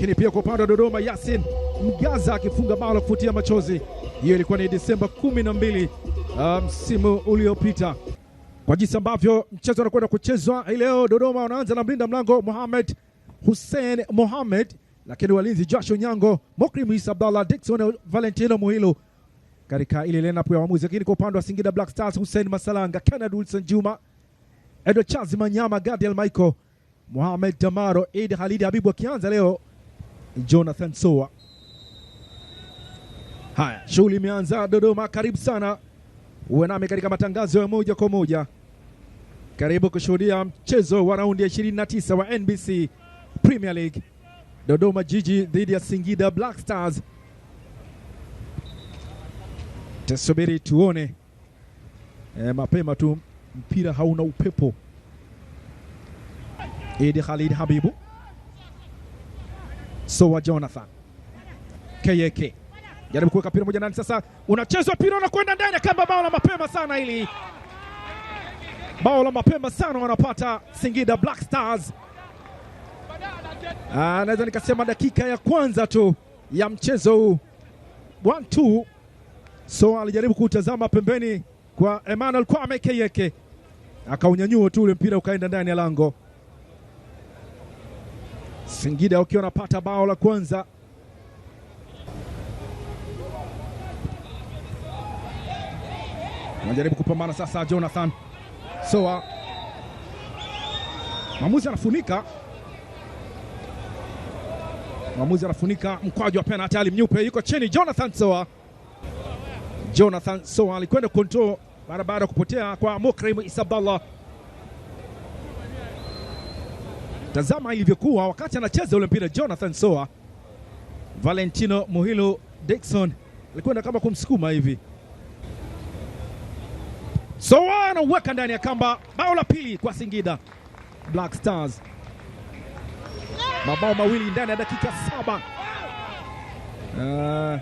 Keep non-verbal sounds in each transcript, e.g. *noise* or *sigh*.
Lakini pia kwa upande wa Dodoma, Yasin Mgaza akifunga bao la kufutia machozi. Hiyo ilikuwa ni Desemba kumi na mbili um, msimu um, uliopita. Kwa jinsi ambavyo mchezo unakwenda kuchezwa hii leo, Dodoma wanaanza na mlinda mlango Mohamed Hussein Mohamed, lakini walinzi Joshua Nyango, Mokri Isa Abdallah, Dickson Valentino Muhilu katika ile lineup ya waamuzi. Lakini kwa upande wa Singida Black Stars, Hussein Masalanga, Kennedy Wilson Juma, Edward Charles Manyama, Gadiel Michael, Mohamed Damaro, Eid Halidi Habibu akianza leo Jonathan Soa. Haya, shughuli imeanza Dodoma. Karibu sana uwe nami katika matangazo ya moja kwa moja. Karibu kushuhudia mchezo wa raundi ya 29 wa NBC Premier League, Dodoma Jiji dhidi ya Singida Black Stars. Tusubiri tuone. E, mapema tu mpira hauna upepo. Idi Khalid Habibu sowa Jonathan KK jaribu kuweka pira moja ndani, sasa unachezwa pira unakwenda ndani, kamba bao la mapema sana hili, bao la mapema sana wanapata Singida Black Stars. Ah, naweza nikasema dakika ya kwanza tu ya mchezo huu 1-2. So alijaribu kutazama pembeni kwa Emmanuel Kwame Keyeke akaunyanyua tu ule mpira ukaenda ndani ya lango. Singida wakiwa wanapata bao la kwanza. Anajaribu kupambana sasa, Jonathan Soa mwamuzi anafunika, mwamuzi anafunika mkwaju wa penalti. Ali Mnyupe yuko chini, Jonathan Soa. Jonathan Soa alikwenda control mara baada ya kupotea kwa Mukrim Isabdallah. Tazama ilivyokuwa wakati anacheza ule mpira, Jonathan Soa, Valentino Muhilo Dickson alikwenda kama kumsukuma hivi. Soa anauweka ndani ya kamba, bao la pili kwa Singida Black Stars, mabao mawili ndani ya dakika saba. Uh,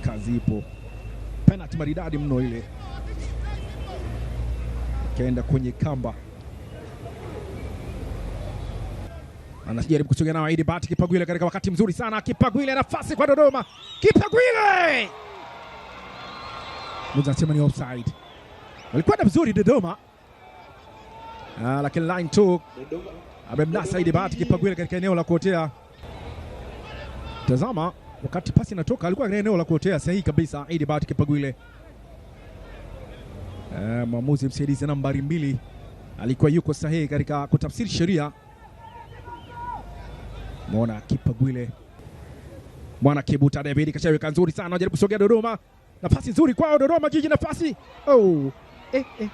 kazi ipo, penalti maridadi mno ile akaenda kwenye kamba, anajaribu kucheza na Aidi Bahati. Kipagwile katika wakati mzuri sana, Kipagwile nafasi kwa Dodoma, Kipagwile anasema ni offside. Walikwenda vizuri Dodoma, ah, lakini line two amemnasa Idi Bahati. Kipagwile katika eneo la kuotea, tazama wakati pasi inatoka, alikuwa katika eneo la kuotea sahihi kabisa Aidi Bahati Kipagwile. Uh, mwamuzi msaidizi nambari mbili alikuwa yuko sahihi katika kutafsiri sheria. Mwana kipa Gwile mwana Kibuta David kashaweka nzuri sana, anajaribu kusogea Dodoma, nafasi nzuri kwao Dodoma Jiji, nafasi oh. Eh, eh, eh.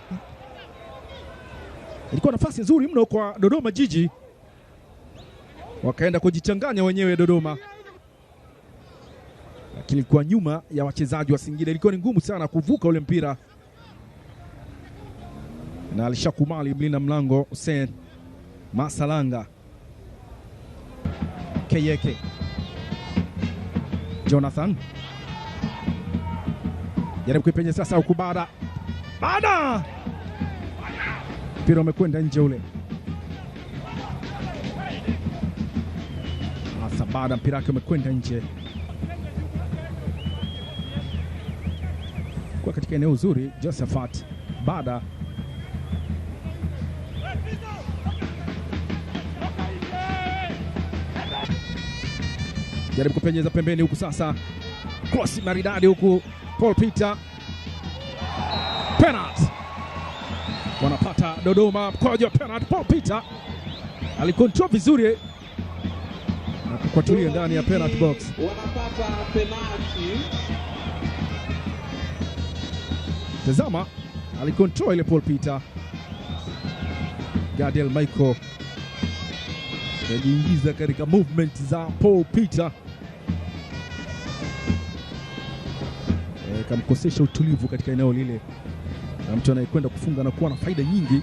Ilikuwa nafasi nzuri mno kwa Dodoma Jiji, wakaenda kujichanganya wenyewe Dodoma, lakini kwa nyuma ya wachezaji wa Singida, ilikuwa ni ngumu sana kuvuka ule mpira na alishakubali mlinda mlango Hussein Masalanga Keyeke Jonathan jaribu kuipenya sasa, huku baada baada mpira umekwenda nje ule. Sasa baada mpira wake umekwenda nje kwa katika eneo zuri Josephat baada jaribu kupenyeza pembeni huku sasa, kosi maridadi huku Paul Peter penalty wanapata Dodoma mkoaji wa penalty. Paul Peter alikontrol vizuri na kukwatulia ndani ya penalty box, wanapata penalty. Tazama, alikontrol ile Paul Peter. Gadiel Michael anajiingiza katika movement za Paul Peter. ikamkosesha utulivu katika eneo lile, na mtu anayekwenda kufunga na kuwa na faida nyingi.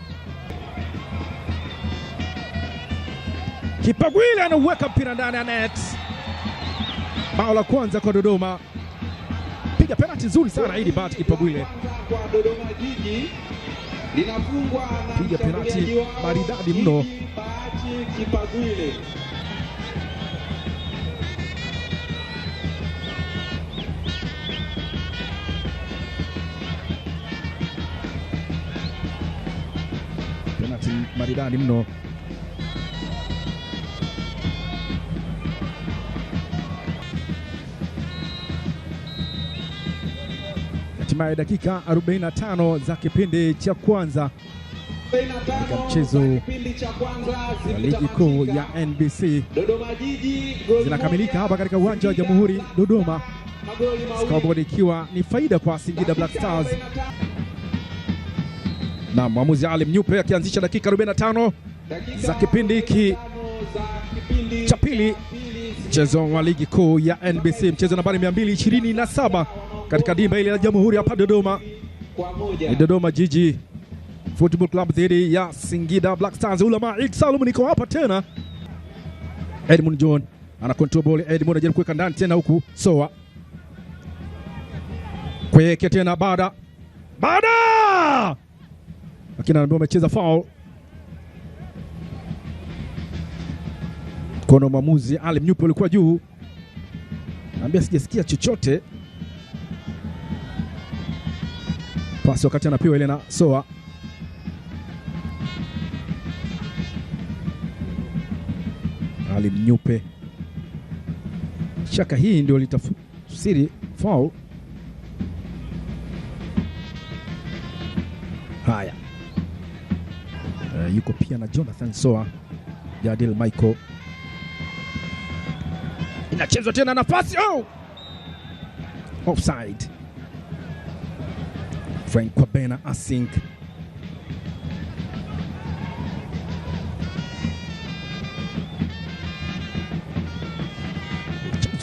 Kipagwile anauweka mpira ndani ya net, bao la kwanza kwa Dodoma. Piga penati nzuri sana Idi Bat Kipagwile, piga penati maridadi mno. maridadi mno. Hatimaye dakika 45 za kipindi cha kwanza katika mchezo wa ligi kuu ya NBC zinakamilika hapa katika uwanja wa Jamhuri Dodoma, scoreboard ikiwa ni faida kwa Singida Black Stars na mwamuzi Ali Mnyupe akianzisha dakika 45 za kipindi hiki cha pili mchezo wa ligi kuu ya NBC, mchezo nambari 227 katika dimba ile la Jamhuri hapa Dodoma, ni Dodoma Jiji Football Club dhidi ya Singida Black Stars. Ulama Eid Salum, niko hapa tena. Edmund John ana control ball, Edmund anajaribu kuweka ndani tena, huku Soa kuwekea tena, baada baada lakini anaambiwa amecheza foul. Mkono mwamuzi Ali Mnyupe ulikuwa juu, naambia sijasikia chochote. Pasi wakati anapewa ile na Soa Ali Mnyupe, shaka hii ndio litafsiri foul. uh, yuko pia na Jonathan Soa, Jadil Michael, inachezwa tena nafasi oh! Offside. Frank Kwabena Asink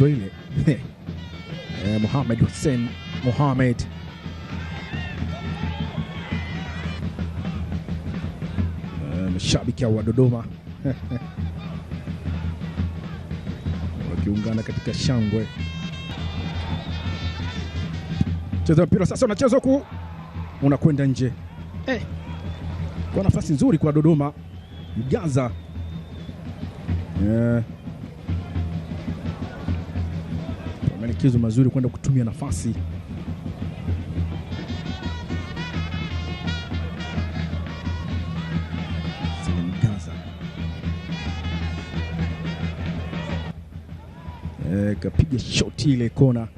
ile *laughs* eh, Mohamed Hussein Mohamed shabiki wa Dodoma *laughs* wakiungana katika shangwe. Cheza mpira sasa, unacheza huku unakwenda nje eh. Kwa nafasi nzuri kwa Dodoma Mgaza eh. Maelekezo mazuri kwenda kutumia nafasi Eh, kapiga shoti ile kona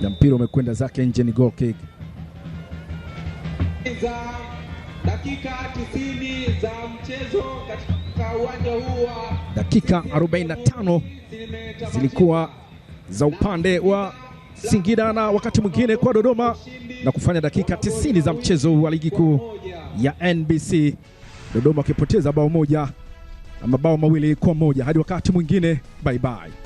na mpira umekwenda zake nje, ni goal kick. Dakika 90 za mchezo katika uwanja huu wa dakika 45 zilikuwa za upande wa Singida na wakati mwingine kwa Dodoma na kufanya dakika 90 za mchezo wa ligi kuu ya NBC Dodoma wakipoteza bao moja mabao mawili kwa moja. Hadi wakati mwingine, bye bye.